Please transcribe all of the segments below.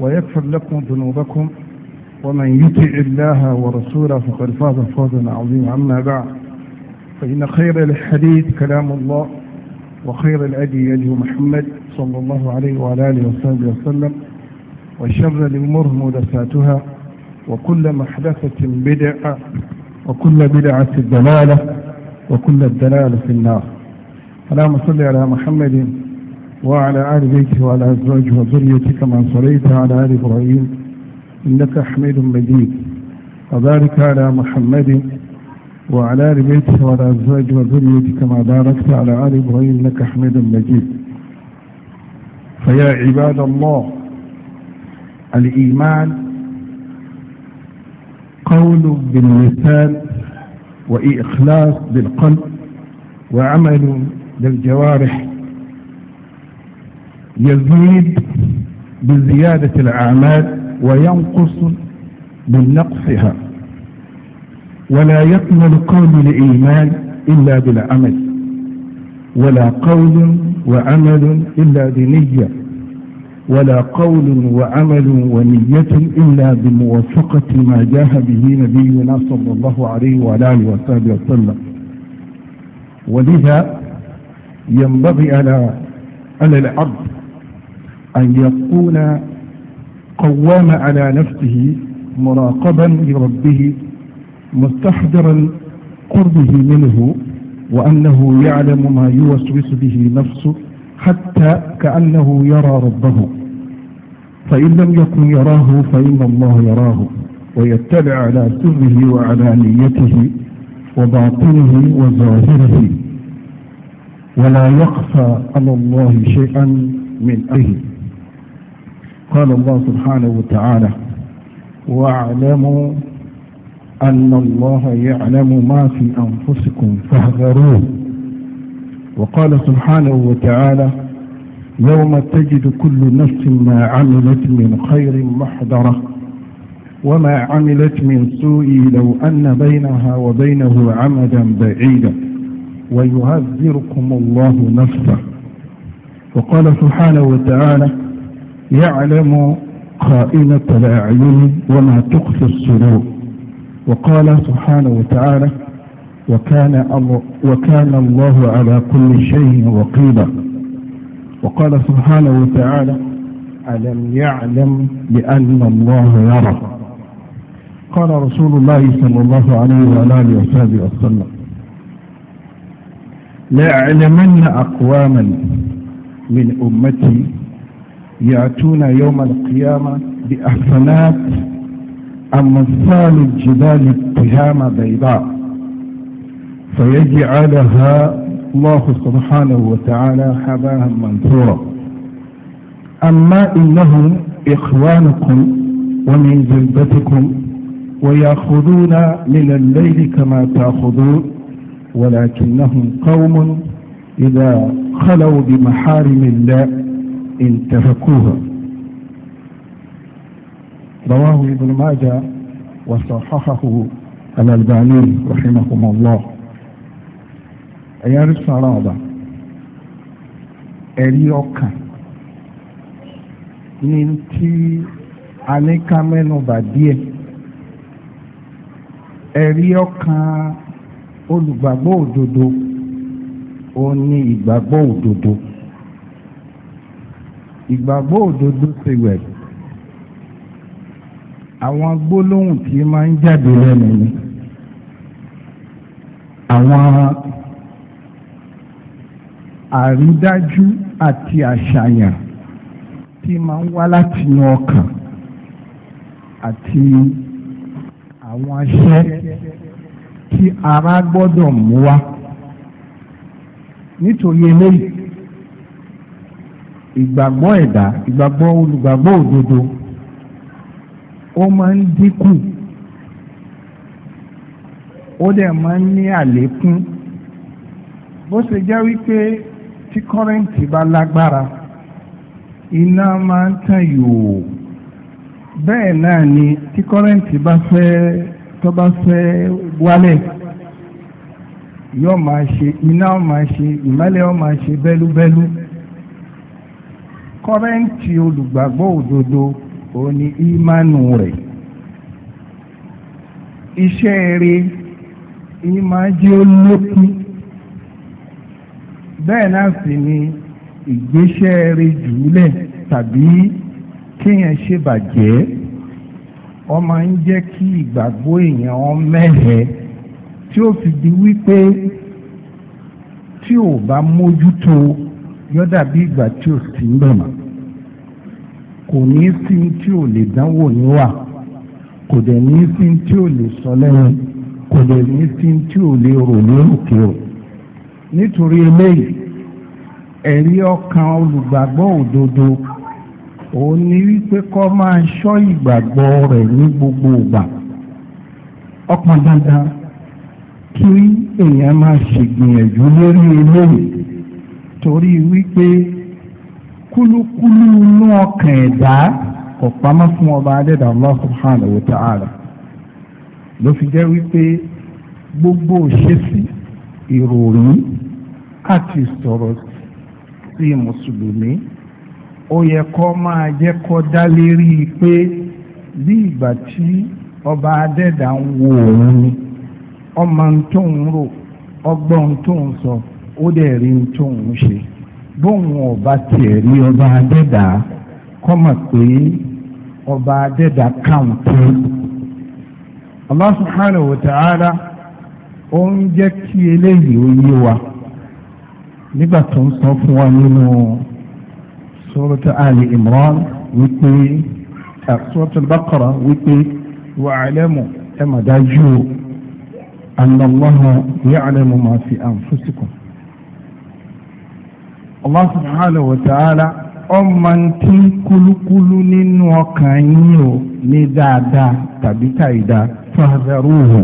ويغفر لكم ذنوبكم ومن يطع الله ورسوله فقد فاز فوزا عظيما أما بعد فإن خير الحديث كلام الله وخير الأدي يد محمد صلى الله عليه وعلى آله وصحبه وسلم وشر الأمور مدساتها وكل محدثة بدعة وكل بدعة ضلالة وكل الدلالة في النار اللهم صل على محمد وعلى آل بيته وعلى أزواجه وذريته كما صليت على آل إبراهيم إنك حميد مجيد وبارك على محمد وعلى آل بيته وعلى أزواجه وذريته كما باركت على آل إبراهيم إنك حميد مجيد فيا عباد الله الإيمان قول باللسان وإخلاص بالقلب وعمل بالجوارح يزيد بزيادة الأعمال وينقص بنقصها ولا يكمل قول الإيمان إلا بالعمل ولا قول وعمل إلا بنية ولا قول وعمل ونية إلا بموافقة ما جاء به نبينا صلى الله عليه وعلى آله وصحبه وسلم ولذا ينبغي على على العبد أن يكون قوام على نفسه مراقبا لربه مستحضرا قربه منه وأنه يعلم ما يوسوس به نفسه حتى كأنه يرى ربه فإن لم يكن يراه فإن الله يراه ويتبع على سره وعلانيته وباطنه وظاهره ولا يخفى على الله شيئا من أهله قال الله سبحانه وتعالى واعلموا أن الله يعلم ما في أنفسكم فاحذروه وقال سبحانه وتعالى يوم تجد كل نفس ما عملت من خير محضرة وما عملت من سوء لو أن بينها وبينه عمدا بعيدا ويهذركم الله نفسه وقال سبحانه وتعالى يعلم خائنة الأعين وما تخفي الصدور وقال سبحانه وتعالى وكان وكان الله على كل شيء وقيلا وقال سبحانه وتعالى ألم يعلم بأن الله يرى قال رسول الله صلى الله عليه وآله وصحبه وسلم ليعلمن أقواما من أمتي يأتون يوم القيامة بأحسنات أمثال الجبال التهامة بيضاء فيجعلها الله سبحانه وتعالى حباها منثورا أما إنهم إخوانكم ومن جلدتكم ويأخذون من الليل كما تأخذون ولكنهم قوم إذا خلوا بمحارم الله انتفكوها رواه ابن ماجه وصححه الألباني رحمهما الله أيام الصلاة ẹ̀rí ọkàn ní tí a ní ká mẹ́nubà díẹ̀ ẹ̀rí ọkàn olùgbàgbọ́ òdodo ó ní ìgbàgbọ́ òdodo ìgbàgbọ́ òdodo ṣe wẹ̀ àwọn gbólóhùn tí máa ń jáde lẹ́nu ni àwọn àrídájú àti àṣàyàn tí máa ń wá láti ọkàn àti àwọn aṣẹ́ tí ara gbọ́dọ̀ mú wá nítorí eléyìí ìgbàgbọ́ ẹ̀dá ìgbàgbọ́ olùgbàgbọ́ òdodo ó máa ń dínkù ó dẹ̀ máa ń ní àlékún bó ṣe jẹ́ wípé tí kọ́rẹ́ǹtì bá lágbára iná máa ń tàn yòò bẹ́ẹ̀ náà ni tí kọ́rẹ́ǹtì bá fẹ́ tó bá fẹ́ wálẹ̀ yóò máa ṣe iná ó máa ṣe ìmọ́lẹ̀ ó máa ṣe bẹ́lúbẹ́lú. Bẹ́lú kọ́rẹ́ǹtì olùgbàgbọ́ òdodo òun ni ìmánu rẹ̀ iṣẹ́ rẹ̀ ìmájí olókun bẹ́ẹ̀ náà sì ni ìgbésẹ̀ rẹ̀ jùlẹ̀ tàbí kéèyàn ṣe bàjẹ́ wọ́n máa ń jẹ́ kí ìgbàgbọ́ èèyàn mẹ́hẹ̀ tí ó fi di wípé tí ò bá mójútó yóò dàbí ìgbà tí ò sí ń bẹ̀ mọ́ kò ní sí tí ò lè dánwò níwà kò dẹ̀ ní sí tí ò lè sọ lẹ́nu kò dẹ̀ ní sí tí ò lè rò ní òkè o nítorí eléyìí ẹ̀rí ọkàn olùgbàgbọ́ òdodo òun ni wípé kó máa ṣọ́ ìgbàgbọ́ rẹ̀ ní gbogbo ìgbà ọkàn dandan kí èèyàn máa ṣègbìyànjú lórí eléyìí torí wípé kúlúkúlú inú ọkàn ẹ̀dá kò pamọ́ fún ọba adẹ́dà Allah subhanahu wa ta'ala ló fi jẹ́ wípé gbogbo òṣèṣì ìròyìn àti sọ̀rọ̀ sí mùsùlùmí ó yẹ kó máa jẹ́ kó dá lérí pé bí ìgbà tí ọba adẹ́dà ń wo òun ni ọmọ tó ń rò ọgbọ́n tó ń sọ. So ó dẹ̀ rí ní tó ń ṣe bóun ọba tiẹ̀ rí ọba adẹ́dà kọ́ mọ̀ pé ọba adẹ́dà káùntì Allah subhanahu ta'ala ó ń jẹ́ kí wa nígbà tó ń sọ fún wa nínú Ali Imran wípé sọ́rọ́tà Baqara wípé wa'lamu ẹ̀ mà dájú o anna Allaha ya'lamu ma fi Allah subhanahu wa ta'ala ọmọ tí kúlúkúlú nínú ọkàn yín o ní dáadáa tàbí tàìdá fàdàrúhù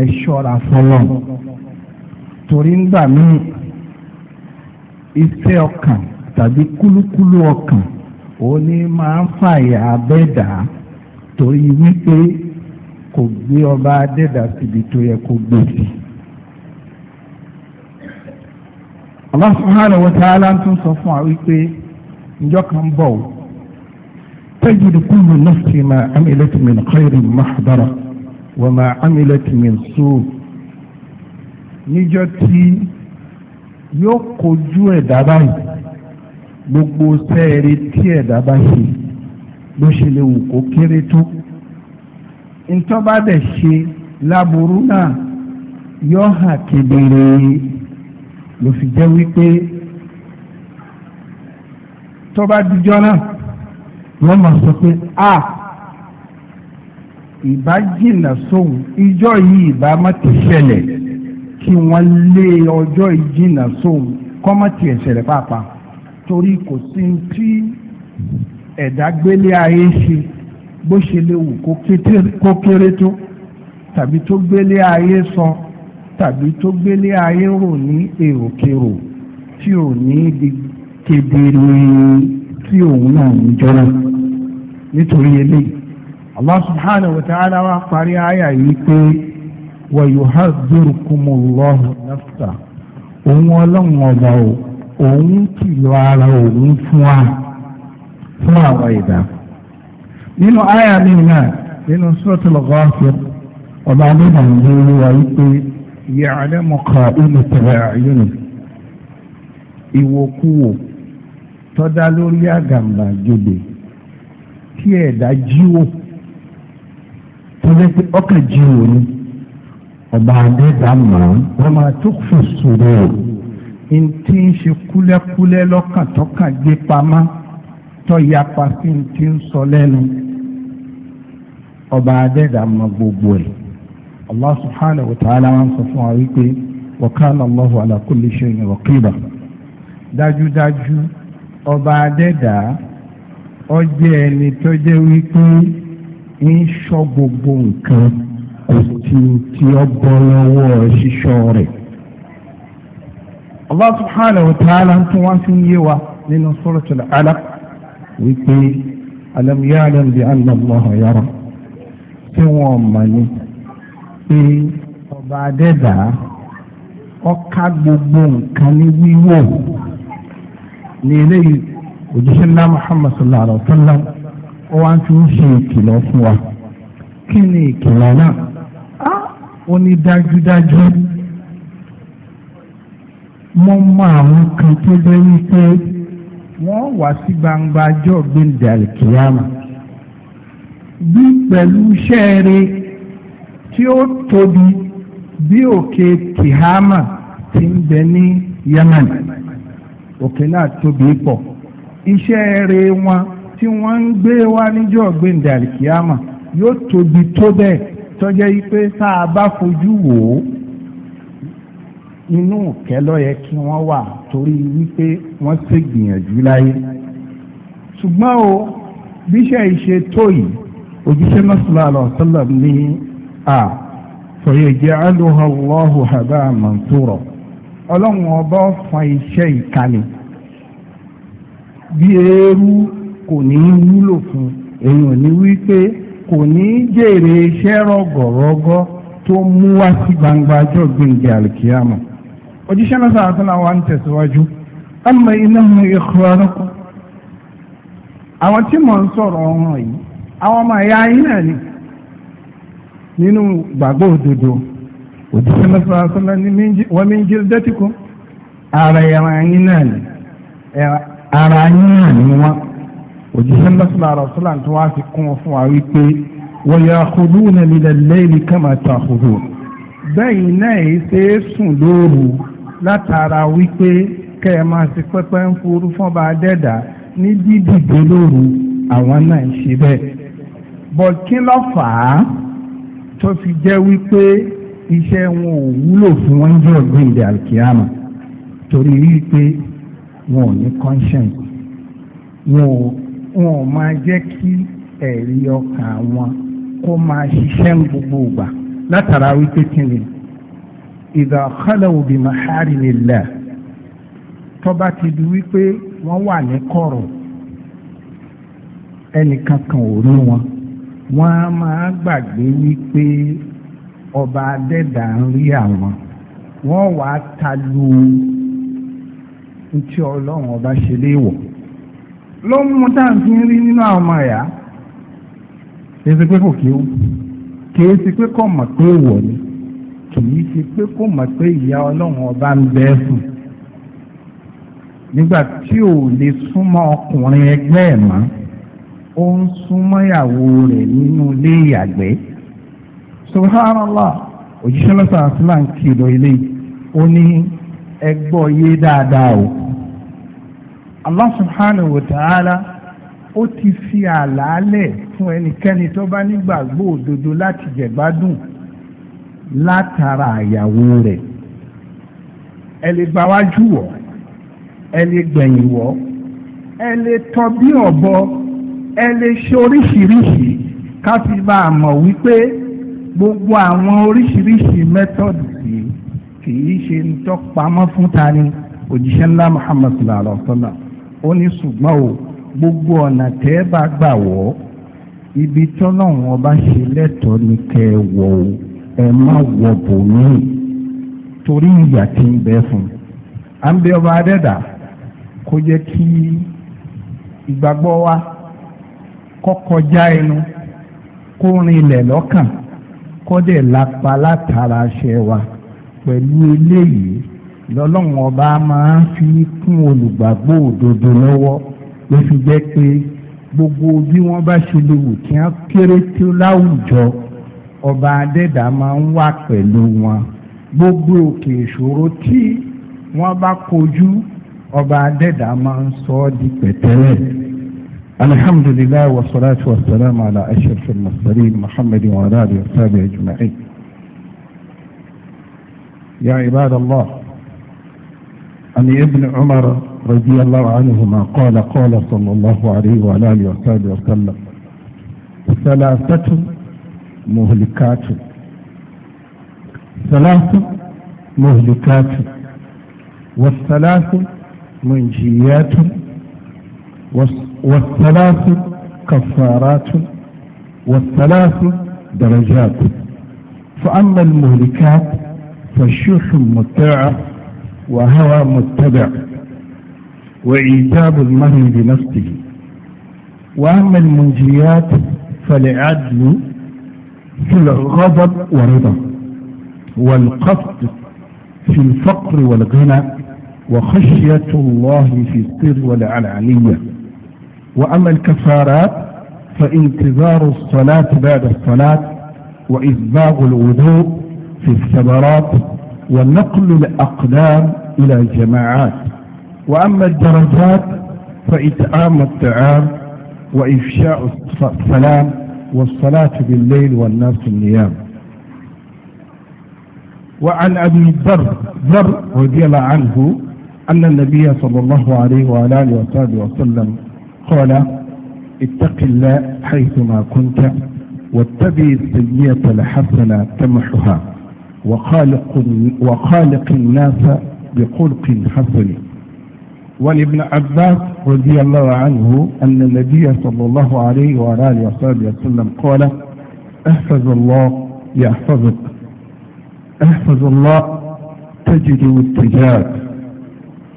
ẹ ṣọ́ra fọlọ́ torí ń gbà mí iṣẹ́ ọkàn tàbí kúlúkúlú ọkàn ó máa ń fàyà abẹ́dà torí wípé kò gbé ọba adẹ́dà síbi tó yẹ kó gbé sí i. Allah subhanahu wa ta'ala tún sọ fún wa wípé njọ kan bọ̀ o tajidu kullu nafsin ma amilat min khairin mahdara wa ma amilat min suu níjọ́ tí yóò kojú ẹ̀dá báyìí gbogbo sẹ́ẹ̀rì tí ẹ̀dá ló ṣe lè wù kó kéré tó ló fi jẹ́ wípé tó bá dijọ́ náà wọ́n máa sọ pé a ìbá jìnnà sóhun ìjọ yìí ìbá má ti ṣẹlẹ̀ kí wọ́n lé ọjọ́ ìjìnnà sóhun kọ́ má ti ṣẹlẹ̀ pàápàá torí kò sí tí ẹ̀dá gbélé ayé ṣe bó ṣe léwu kó kéré tó tàbí tó gbélé ayé sọ. So, tàbí tó gbélé ayé rò ní èròkèrò tí ò ní di kedere tí òun náà ń jọra nítorí eléyìí Allah subhanahu wa ta'ala wa parí àyà yìí pé wa yuhadhdhirukumullahu nafsa òun ọlọ́run ọba o òun kìlọ̀ ara òun fún wa fún àwọn ìdá. nínú àyà mi náà nínú suratul Ghafir ọba adébànjẹ́ olúwa yìí pé. ya'lamu qa'imata a'yun ìwòkuwò tọ́dá lórí àgàmbàgebè tí ẹ̀dá jíwò tọ́jẹ́ pé ọkàn jíwò ni ọba adẹ́dá mọ̀ wọ́n máa tó fò sòrò n tí ń ṣe kúlẹ́kúlẹ́ lọ́kàn tọ́kàn gbé pamọ́ tọ́ yapa sí n tí ń sọ lẹ́nu ọba adẹ́dá mọ̀ gbogbo ẹ̀ allah subhanahu wa ta'ala máa ń sọ fún wa wípé wa kana allahu ala kulli shay'in raqiba dájúdájú ọba adẹ́dàá ó jẹ́ ẹni tó jẹ́ wípé ń ṣọ́ gbogbo nǹkan kò sí tí ó bọ́ lọ́wọ́ ṣíṣọ́ rẹ̀. Allah subhanahu wa ta'ala ń tún wá sí ń wa nínú suratul alaq wípé alam bi anna Allah yara tí wọ́n mọ̀ ní pé ọba adẹ́dà ọ̀ka gbogbo nǹkan ní wíwò ní eléyìí òjíṣẹ́ ńlá Muhammad sallallahu alayhi wa sallam ó wá ń fi ń ṣe ìkìlọ̀ fún wa kí ni ìkìlọ̀ náà ó ní dájúdájú mo mọ àwọn kan tó jẹ́ wípé wọ́n wá sí gbangba ọjọ́ gbẹ̀ndẹ̀ àlìkìyàmà bí pẹ̀lú iṣẹ́ tí ó tóbi bí òkè tihama ti ń bẹ ní yemen òkè náà tóbi pọ̀ iṣẹ́ ẹrẹ wọn tí wọ́n ń gbé wá níjọ́ gbẹ̀ǹdà àlìkíyàmà yóò tóbi tó bẹ́ẹ̀ tọ́jẹ́ yí pé tá a bá fojú wò ó inú kẹlọ kí wọ́n wà o ìṣe tó yìí òjíṣẹ́ náà a fọyẹ̀jẹ̀aluha Allahu haba mantura ọlọ́run ọba fa iṣẹ́ ìkànnì bí eérú kò ní wúlò fún èèyàn ní wípé kò ní jèrè iṣẹ́ rọ̀gọ̀rọ̀gọ̀ tó mú wá sí gbangba ọjọ́ gbẹ̀ngẹ̀ alikiyama òjíṣẹ́ náà sọ̀rọ̀ sọ́nà wa ń tẹ̀síwájú amma innahum ikhwanukum àwọn tí mò ń sọ̀rọ̀ ọ̀hún yìí àwọn ọmọ ẹ̀yà yín náà ni. nínú gbàgbọ́ òdodo òjíṣẹ́ lọ́sọ̀rọ̀ sọ́lá ní wọ́n mi ń jí dẹ́tìkú ara ẹ̀rọ yín náà ni ara yín náà ni wọ́n òjíṣẹ́ lọ́sọ̀rọ̀ sọ́lá tó wá fi kún fún wa wípé wọ́n yà kúlú na lílẹ̀ lẹ́yìn kama ta kúlú bẹ́ẹ̀ náà yìí ṣe é sùn lóru látara wípé kẹ́ ẹ máa ṣe pẹ́pẹ́ ń forú fún ọba adẹ́dà ní dídìde lóru àwọn náà ń ṣe bẹ́ẹ̀ bọ̀ kí ló fà á tó fi jẹ́ wípé iṣẹ́ wọn ò wúlò fún wọn jẹ́ ọ̀gbìn ìdè alkiyama torí wípé wọn ò ní conscience wọn ò máa jẹ́ kí ẹ̀rí ọkàn wọn kó máa ṣiṣẹ́ ń gbogbo ìgbà látara wípé kí ni ìdá khala'u bi maharimillah tó bá ti di wípé wọ́n wà ní kọ̀rọ̀ ẹnìkan kan ò rí wọn wọ́n á máa gbàgbé wípé ọba adẹ́dà ń rí àwọn wọ́n wàá ta lu ntí ọlọ́run ọba ṣe léèwọ̀ ló ń mú tá à ń fi rí nínú àwọn ọmọ ẹ̀yà kìí ṣe pé kò kéwù kìí ṣe pé kò mọ̀ pé wọ̀ ni kìí ṣe pé kò mọ̀ pé ìyá ọlọ́run ọba ń bẹ fún nígbà tí ò lè súnmọ́ ọkùnrin ẹgbẹ́ ẹ̀ mọ́ ó ń súnmọ́yàwó rẹ̀ nínú ilé ìyàgbẹ́ subhanallah òjíṣẹ́ lọ́sàn àṣìlá ń kìlọ̀ ilé ó ní ẹgbọ́ yé dáadáa o allah subhanahu wa ta'ala ó ti fi àlàálẹ̀ fún ẹnikẹ́ni tó bá nígbàgbọ́ òdodo láti jẹ̀gbádùn látara àyàwó rẹ̀ ẹ lè gba wájú wọ̀ ẹ lè gbẹ̀yìn wọ̀ ẹ lè tọ́ bí ọ̀bọ. ẹ lè ṣe oríṣiríṣi ká fi bá mọ̀ wípé gbogbo àwọn oríṣiríṣi mẹ́tọ́dù yìí kì í ṣe ń tọ́pamọ́ fún tani òjíṣẹ́ ńlá Muhammad sallallahu alaihi wa gbogbo ọ̀nà tẹ́ ẹ bá gbà wọ́ ibi ọba ṣe lẹ́tọ̀ọ́ ni kẹ́ ẹ wọ̀ o ẹ má wọ̀ bò ní torí ìyà tí ń ọba adẹ́dà kó jẹ́ kó kọjá ẹnu kó rin ilẹ̀ lọ́kàn kó dẹ̀ lápá látara ṣẹ wa pẹ̀lú eléyìí lọ́lọ́run ọba máa ń fi kún olùgbàgbọ́ òdodo lọ́wọ́ ló fi jẹ́ pé gbogbo bí wọ́n bá ṣe lè wù kí wọ́n kéré tó láwùjọ ọba adẹ́dà máa ń wà pẹ̀lú wọn gbogbo òkè ìṣòro tí wọ́n bá kojú ọba adẹ́dà máa ń sọ ọ́ di pẹ̀tẹ́lẹ̀. الحمد لله والصلاة والسلام على أشرف المرسلين محمد وعلى آله وصحبه أجمعين. يا عباد الله عن ابن عمر رضي الله عنهما قال قال صلى الله عليه وعلى آله وصحبه وسلم ثلاثة مهلكات ثلاث مهلكات والثلاث منجيات والثلاث كفارات والثلاث درجات فأما المهلكات فالشيخ متاع وهوى متبع وإيجاب المهل بنفسه وأما المنجيات فالعدل في الغضب ورضا والقصد في الفقر والغنى وخشية الله في السر والعلانية وأما الكفارات فانتظار الصلاة بعد الصلاة وإسباغ الوضوء في الثمرات ونقل الأقدام إلى جماعات وأما الدرجات فإتعام الطعام وإفشاء السلام والصلاة بالليل والناس النيام وعن أبي ذر ذر رضي الله عنه أن النبي صلى الله عليه وآله وسلم قال اتق الله حيثما كنت واتبع السيئة الحسنة تمحها وخالق, وخالق الناس بخلق حسن ولابن عباس رضي الله عنه أن النبي صلى الله عليه وآله وصحبه وسلم قال احفظ الله يحفظك احفظ الله تجد اتجاهك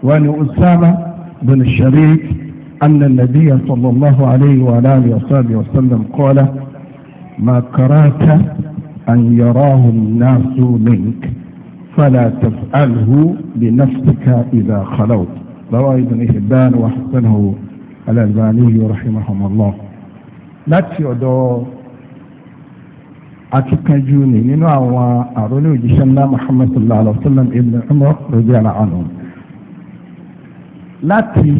وعن أسامة بن الشريك أن النبي صلى الله عليه وعلى آله وصحبه وسلم قال ما كراك أن يراه الناس منك فلا تفعله لنفسك إذا خلوت رواه ابن حبان وحسنه الألباني رحمهم الله لا ọ̀dọ̀ akíkanjú ni nínú àwọn محمد صلى الله عليه وسلم ابن عمر رضي الله عنه. لا anhu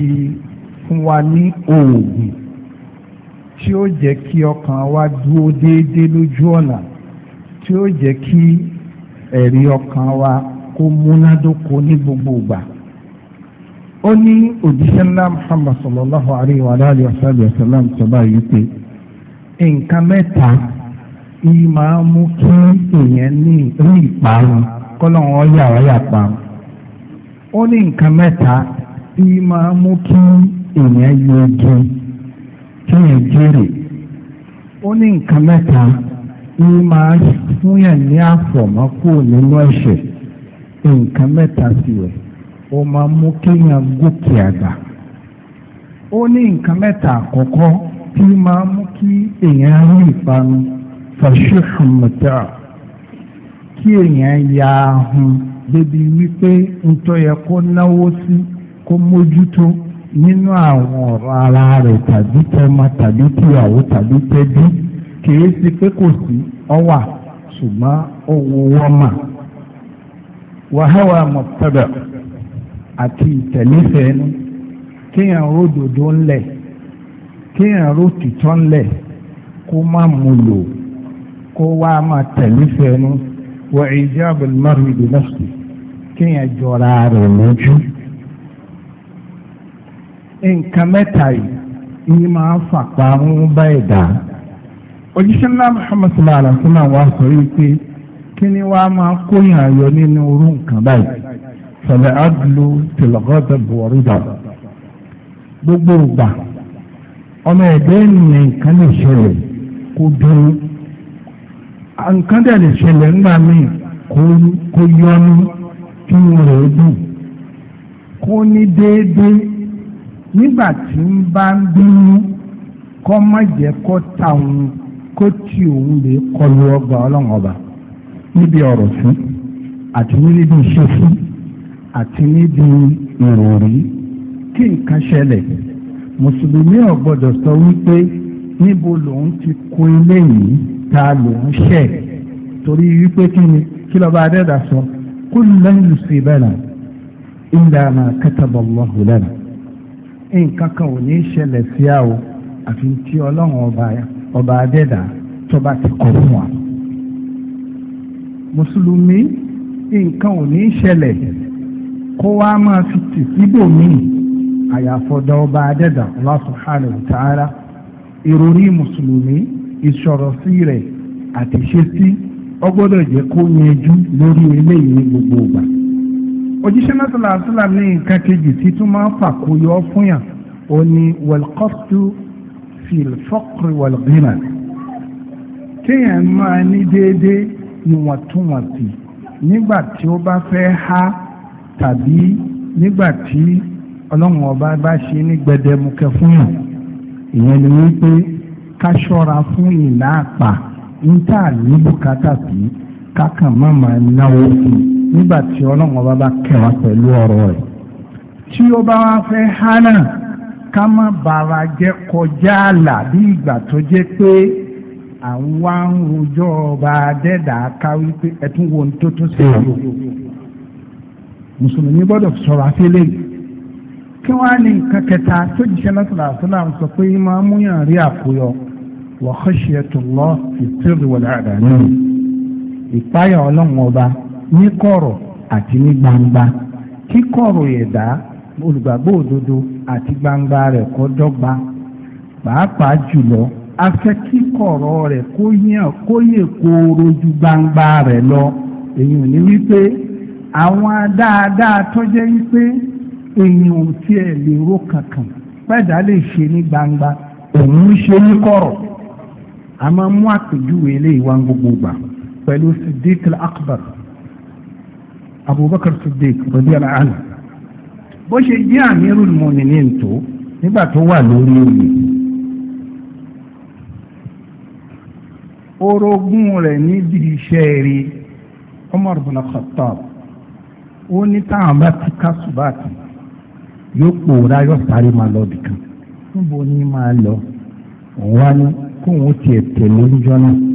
fún wa ní oògùn tí ó jẹ́ kí ọkàn wa dúró déédéé lójú ọ̀nà tí ó jẹ́ kí ẹ̀rí ọkàn wa kó múnádóko ní gbogbo ìgbà ó ní òjíṣẹ́ ńlá muhammad sallallahu alayhi wa alayhi wa sallam sallam sọ báyìí pé nǹkan mẹ́ta yìí máa mú kí èèyàn ní rí ìparun kọ́lọ́run ọ̀yà ọ̀yà parun ó ní nǹkan mẹ́ta yìí máa mú kí èèyàn yọ igi kéèyàn jèrè ó ní nǹkan mẹ́ta ní máa fún yàn ní àfọ̀mọ́ kúrò nínú ẹ̀ṣẹ̀ nǹkan mẹ́ta sì rẹ̀ ó máa mú kéèyàn gòkè àgbà ó ní nǹkan mẹ́ta àkọ́kọ́ tí máa mú kí èèyàn rí ìpanu fàṣíhùn kí èèyàn ya ahun débi wípé ntọ́ yẹ kó náwó sí kó mójútó. nínú àwọn ọ̀rọ̀ ara rẹ̀ tàbí tọmọ tàbí tìyàwó tàbí tẹ́bí kìí sí pé kò sí ọwà ṣùgbọ́n owó wọ́mà wàhálà mọ̀tẹ́bẹ̀ àti ìtẹ̀lẹ́fẹ̀ẹ́nu kéèyàn ródòdó ńlẹ̀ kéèyàn rótìtọ́ ńlẹ̀ kó má mu kó wá máa tẹ̀lẹ́fẹ̀ẹ́nu wà ìjábọ̀ mọ́rìndínlẹ́sì kéèyàn jọra rẹ̀ lójú. nǹkan mẹ́ta yìí ni máa fàpá ń bá ẹ̀dá. òjíṣẹ́ ńlá sallallahu alaihi wa sallam wa sọ yìí pé kí ni wàá máa kóyàn ayọ̀ nínú orú nǹkan báyìí. tìlọ́gọ́dọ̀ gbogbo ìgbà ọmọ ẹ̀dá ènìyàn nǹkan lè ṣẹlẹ̀ kó dúró. nǹkan dẹ̀ lè ṣẹlẹ̀ ńgbà míì kó yọnu kí wọ́n rẹ̀ dùn. kó ní nígbà tí ń bá ń bínú kọ́ má jẹ́ kó ta òun kó tí òun lè kọlu ọgbà ọlọ́run ọba níbi ọ̀rọ̀ fún àti níbi iṣẹ́ fún àti níbi ìròrí kí nǹkan ṣẹlẹ̀ mùsùlùmí ò sọ wípé níbo lòun ti kó eléyìí ta lòun ṣẹ̀ torí wípé kí ni kí lọ́ba adẹ́dà sọ kullan yusibana illa ma kataba Allahu nǹkan kan ò ní ṣẹlẹ̀ sí a o àfi tí ọlọ́run ọba ọba adẹ́dà tọ́ba ti kọ fún wa. mùsùlùmí nǹkan ò ní ṣẹlẹ̀ kó wá máa fi tì síbòmíì àyàfọ̀dọ̀ ọba adẹ́dà Allah subhanahu wa ta'ala mùsùlùmí ìṣọ̀rọ̀ rẹ̀ àtìṣe ọgbọ́dọ̀ jẹ́ kó yanjú lórí eléyìí gbogbo ìgbà òjíṣẹ́ náà sọ̀rọ̀ àṣọlá ní nǹkan kejì tí tún máa ń fàkóyọ fún yàn ó ní wẹ̀lkọ́tù fìlfọ́kùrì wẹ̀lgínà kéèyàn máa ní déédéé ìwọ̀ntúnwọ̀ntì nígbà tí ó bá fẹ́ há tàbí nígbà tí ọlọ́run ọba bá ṣe ní gbẹdẹmukẹ fún yàn ìyẹn ni wípé ká ṣọ́ra fún ìlà àpà níta ní bùkátà sí kákàn má máa náwó fún un nígbà tí ọlọ́run ọba bá kẹwa pẹ̀lú ọ̀rọ̀ rẹ̀ tí ó bá wá fẹ́ hánà ká má bàrà jẹ́ kọjá àlà bí ìgbà tó jẹ́ pé àwa ń rojọ́ ọba dẹ́dà ká wípé ẹtún wo ní tó tún ṣe é o mùsùlùmí gbọ́dọ̀ sọ̀rọ̀ afẹ́lẹ́ yìí kí wọ́n á ní nǹkan kẹta tó jíṣẹ́ lọ́sọ̀rọ̀ àṣọlá sọ pé máa ń rí àkóyọ wa khashiyatullah fi sirri wal alaniya ìpáyà ọlọ́run ọba ní kọ̀rọ̀ àti ní gbangba kí kọ̀rọ̀ ẹ̀dá olùgbàgbọ́ òdodo àti gbangba rẹ̀ kó dọ́gba pàápàá jùlọ afẹ́ kí kọ̀rọ̀ rẹ̀ kó yẹ kó yẹ kóró ju gbangba rẹ̀ lọ èyí ò ní wípé àwọn dáadáa tọ́jẹ́ wípé èyàn ò tiẹ̀ lè ró kankan pẹ́ẹ́dá lè ṣe ní gbangba òun ṣe ní kọ̀rọ̀ a máa mú àpèjúwe eléyìí wá gbogbo gbà pẹ̀lú Siddiq akbar abubakar siddiq radiyallahu anhu bó ṣe jẹ́ amirul mu'minin tó nígbà tó wà lórí òye orogún rẹ̀ níbi iṣẹ́ rí Umar bin Khattab ó ní táwọn bá ti ká subáàtì yóò pòórá yóò sáré máa lọ bìkan níbo ni máa lọ òun wá ní kóun ó tiẹ̀ tẹ̀lé níjọ́ náà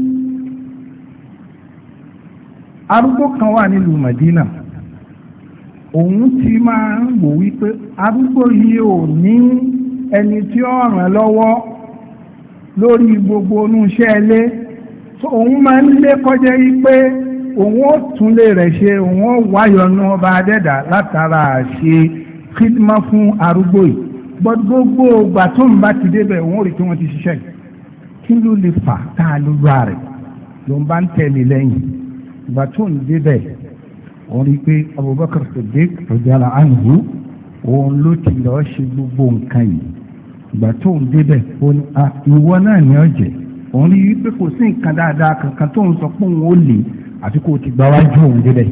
arúgbó kan wà nílùú Madina òun ti máa ń wò wípé arúgbó yìí ò ní ẹni tí ó ràn lọ́wọ́ lórí gbogbo inú iṣẹ́ ilé òun máa ń lé kọjá wípé òun ó túnlé rẹ̀ ṣe òun ó wáyọ̀nù ọba adẹ́dà látara ṣe kídímà fún arúgbó yìí gbogbo ìgbà tó ń bá ti débẹ̀ òun ò rí kí wọ́n ti ṣiṣẹ́ yìí kí ló lè fà tá a lóra rẹ̀ ló ń bá ń tẹ̀lé lẹ́yìn ìgbà tó ń débẹ̀ wọ́n rí i pé Abubakar Siddiq rọ̀jàlá ànhu òun ló ti lọ́ọ́ ṣe gbogbo nǹkan yìí ìgbà tó ń débẹ̀ òun ah, ìwọ náà ni ó jẹ́ òun rí i pé kò sí nǹkan dáadáa kankan tó ń sọ pé òun ó lè àti kó ti gba wájú òun débẹ̀.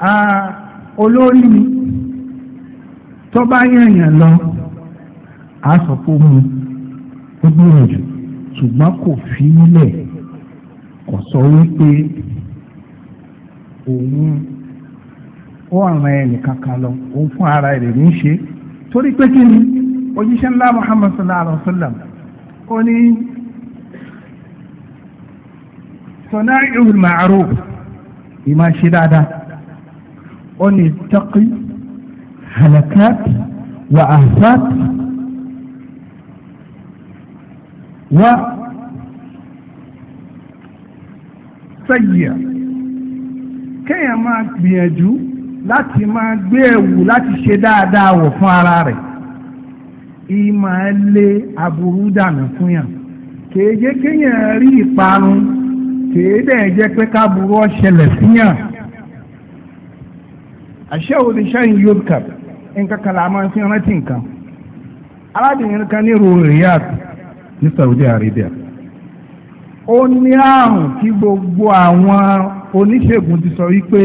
Ah, olórí mi tó bá yẹ̀yàn lọ á sọ pé òun ó gbìyànjú ṣùgbọ́n kò fi í kò sọ wípé òun ó ràn ẹnìkan kan lọ òun fún ara rẹ̀ ní í ṣe torí pé kí ni òjíṣẹ́ ńlá Muhammad sallallahu alaihi wa sallam ó ní sanaa'ul ma'ruf ìmá ṣe dáadáa ó ní taqi halakat wa ahsat wa. sẹ́yìà kéèyàn máa gbìyànjú láti máa gbé ẹ̀wù láti ṣe dáadáa wọ̀ fún ara rẹ̀ ìmọ̀ ẹ lé aburú dànù fún yàn kèé jẹ́ kéèyàn rí ìparun kèé dẹ̀ jẹ́ pé káburú ọ̀ṣẹlẹ̀ sí yàn àṣẹ òdìṣẹ́ yìí yóò kà nǹkan kan là máa fi rántí nǹkan arábìnrin kan ní ru Riyadh ní Saudi Arabia ó ní àrùn tí gbogbo àwọn oníṣègùn ti sọ wípé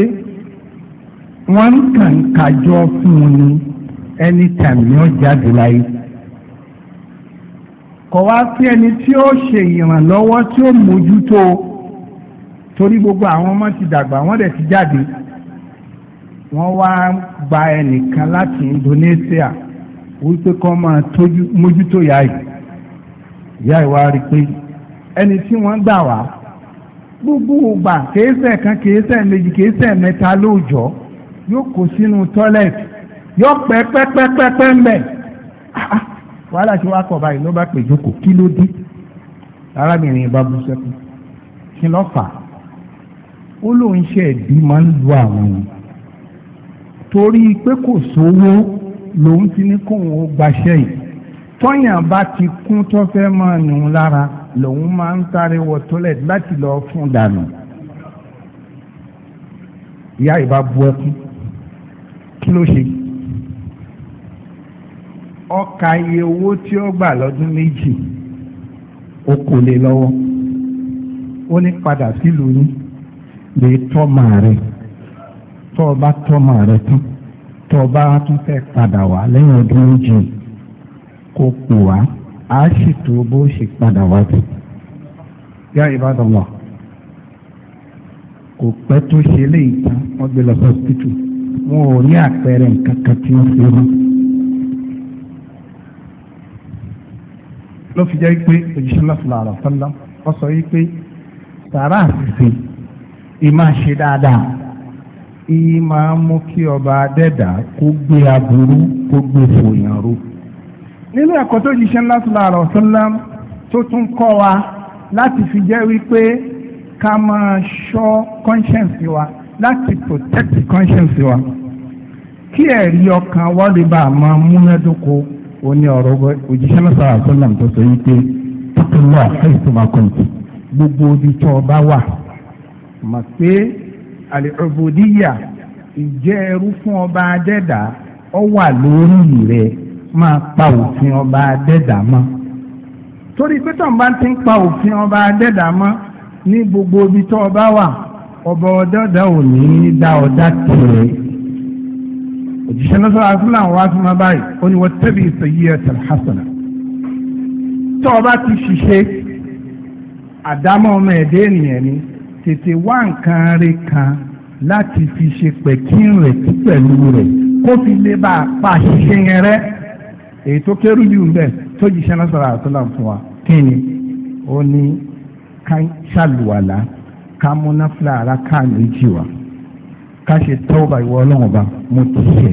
wọ́n ń kàn kájọ fún un ní anytime ni ó jáde láyé kọ̀ wá sí ẹni tí ó ṣe ìrànlọ́wọ́ tí ó mójútó torí gbogbo àwọn ọmọ ti dàgbà wọ́n dẹ̀ ti jáde wọ́n wá gba ẹnìkan láti Indonesia wípé kó máa mójútó yáyì yáyì wá rí pé ẹni tí wọ́n gbà wá gbogbo ògbà kéésẹ̀ kan kéésẹ̀ méjì kéésẹ̀ mẹ́ta lóòjọ́ yóò kó sínú tọ́lẹ̀tì yóò pẹ́ pẹ́pẹ́pẹ́pẹ́ mbẹ́ ah, ah, wàhálà tí wàá kọ̀ báyìí ló bá pè jókòó kí ló dé arábìnrin yẹn bá bú sẹ́kù kí ló fà á ó lóun ṣe ẹ̀bí máa ń lu àwọn torí pé kò sówó lòun ti ní kóun ó gbaṣẹ́ yìí tọ́yàn bá ti kún tó fẹ́ máa nù lára lòun máa ń sáré wọ toilet láti lọ fún dànù ìyá ìbá bu ẹkún kí ló ṣe ọkà iye owó tí ó gbà lọ́dún méjì ó kò lè lọ́wọ́ ó ní padà sílùú yín lè tọ́mà rẹ̀ tọ́ ọ bá tọ́mà rẹ̀ tán tọ́ ọ bá tún fẹ́ padà wá lẹ́yìn ọdún méjì kó pò wá a sì tó bó ṣe padà wá tó. yá ìbàdàn wà kò pẹ́ tó ṣe léyìí tán wọ́n gbé lọ sí hospital wọn ò ní àpẹẹrẹ nǹkan kan tí wọ́n fi mọ́. ló fi jẹ́ pé òjíṣẹ́ lọ́sọ̀lá àrà fẹ́lá wọ́n sọ pé sàrà àṣìṣe ìmá ṣe dáadáa ìmá mú kí ọba adẹ́dà kó gbé aburú kó gbé fòyàn ro nínú ẹ̀kọ́ tó jíṣẹ́ ńlá tó lára ọ̀sánlám tó tún kọ́ wa láti fi jẹ́ wípé ká máa ṣọ́ conscience wa láti protect conscience wa kí ẹ̀rí ọkàn wa lè bá a máa múnádóko oní ọ̀rọ̀ òjíṣẹ́ ńlá tó lára ọ̀sánlám tó sọ yìí pé tó lọ àìsàn máa kọ̀ gbogbo ibi tó o bá wà mà pé al-ubudiyya ìjẹ́ ẹrú fún ọba adẹ́dà ọ wà lórí rẹ̀ máa pa òfin ọba adẹ́dà mọ́ torí pé tó ń bá ti ń pa òfin ọba adẹ́dà mọ́ ní gbogbo ibi tó ọba wà ọba ọdọ́dọ́ ò ní í dá ọdá tẹ̀lé òjíṣẹ́ lọ́sọ̀rọ̀ àfúlà wà fún ma báyìí ó ní wọ́n tẹ́bi sayyi'ata hasana tó ọba ti ṣiṣẹ́ àdámọ́ ọmọ ẹ̀dẹ́ ènìyàn ni tètè wá nǹkan rẹ̀ kan láti fi ṣe pẹ̀kí rẹ̀ pẹ̀lú rẹ̀ kó fi lè bá a pa ṣiṣẹ́ yẹn rẹ́. èyí tó kéré jù ń bẹ tó jíṣẹ́ lásọ̀rọ̀ àtúnlá fún wa kí ni ó ní ká ṣàlùwàlá ká múná fúlà ara ká méjì wa ká ṣe tọ́wọ́bà ìwọ ọlọ́run ọba mo ti ṣe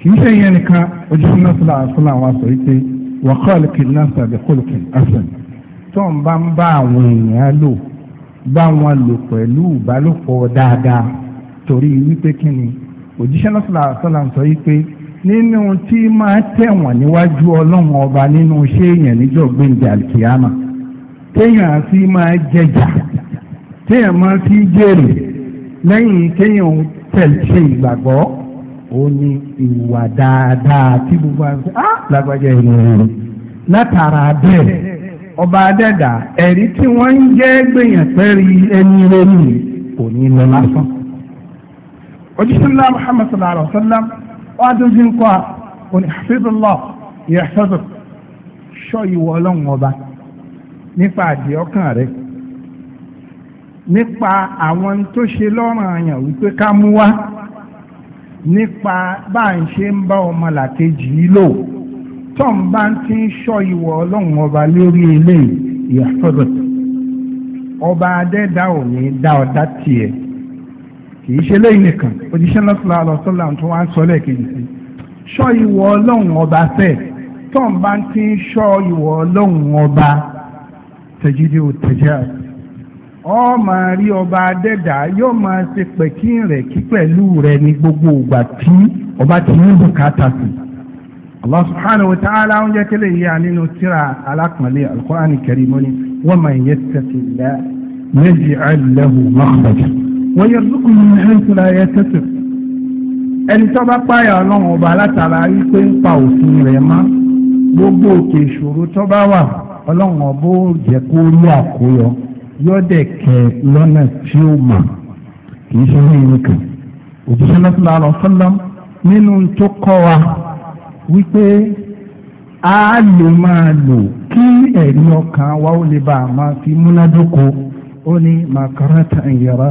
kì í ṣe ìyẹn nìkan sọ wà náà sàbẹ̀ asan tó ń bá ń bá àwọn èèyàn lò bá wọn lò pẹ̀lú ìbálòpọ̀ dáadáa torí wípé kí ni òjíṣẹ́ sọ nínú tí máa tẹ̀wọ̀n níwájú ọlọ́run ọba nínú iṣẹ́ èèyàn níjọ́ gbẹ̀ǹdẹ̀ àlùkìyàmà téèyàn fi máa jẹjà téèyàn máa fi jèrè lẹ́yìn téèyàn tẹ̀sí ìgbàgbọ́ ó ní ìwà dáadáa tí gbogbo àwọn ṣe ah lágbájá ìrìn rẹ̀ látara bẹ́ẹ̀ ọba adẹ́dà ẹ̀rí tí wọ́n ń jẹ́ gbẹ̀yàn pẹ́ẹ́rì ẹni rẹ̀ nìyí kò ní lọ lásán. ojúṣe ńlá Muhammad sallallahu alaihi wa sallam. wọ́n á dojú ń kọ́ a òní hafizullah yahfazuk ọba nípa àdìẹ ọkàn rẹ nípa àwọn tó ṣe lọ́rùn àyàn wípé ká mú wá nípa bá ń ṣe ń bá ọmọ làkejì yìí ti ń ìwọ ọlọ́run ọba lórí eléyìí ọba ọ dá tiẹ̀. kì í ṣe lẹ́yìn nìkan òjíṣẹ́ lọ́sọ̀lá àlọ́sọ̀lá tó wá ń sọ lẹ́ẹ̀kejì sí ṣọ́ ìwọ ọlọ́run ọba fẹ́ tọ́n bá ń tí ń ṣọ́ ìwọ ọlọ́run ọba tẹ̀jídé ò tẹ̀jẹ́ ọ máa rí ọba adẹ́dà yóò máa ṣe pẹ̀kí rẹ̀ kí pẹ̀lú rẹ̀ ní gbogbo ìgbà tí ọba ti ń bùkátà sí Allah subhanahu wa ta'ala ń jẹ́ kílẹ̀ yìí nínú tíra alákùnrin al-Qur'an al-Karim mọ́ni wa man yattaqillah yaj'al lahu makhraja wọ́n yẹ dúkùn ní ẹ̀ńtúra yẹ tẹ̀sẹ̀ ẹni tó bá páyà ọlọ́run ọba látara wípé ń pa òfin rẹ̀ mọ́ gbogbo òkè ìṣòro tó bá wà ọlọ́run ọba ó jẹ́ kó rí àkóyọ yọ́dẹ̀ kẹ lọ́nà tí ó mọ̀ kì í ṣe ní ìlú kan òjíṣẹ́ náà fúnra rọ̀ fúnra nínú tó kọ́ wa wípé a lè máa lò kí ẹ̀rí ọkàn wa ó lè bá a máa fi múnádóko ó ní màkàrà tàn yẹra.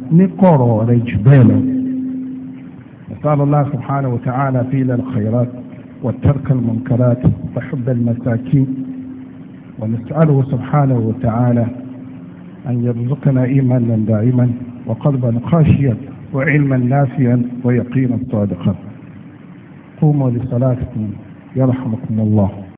ní kọ̀rọ̀ قال نسأل الله سبحانه وتعالى فينا الخيرات وترك المنكرات وحب المساكين ونسأله سبحانه وتعالى أن يرزقنا إيمانا دائما وقلبا خاشيا وعلما نافيا ويقينا صادقا قوموا لصلاتكم يرحمكم الله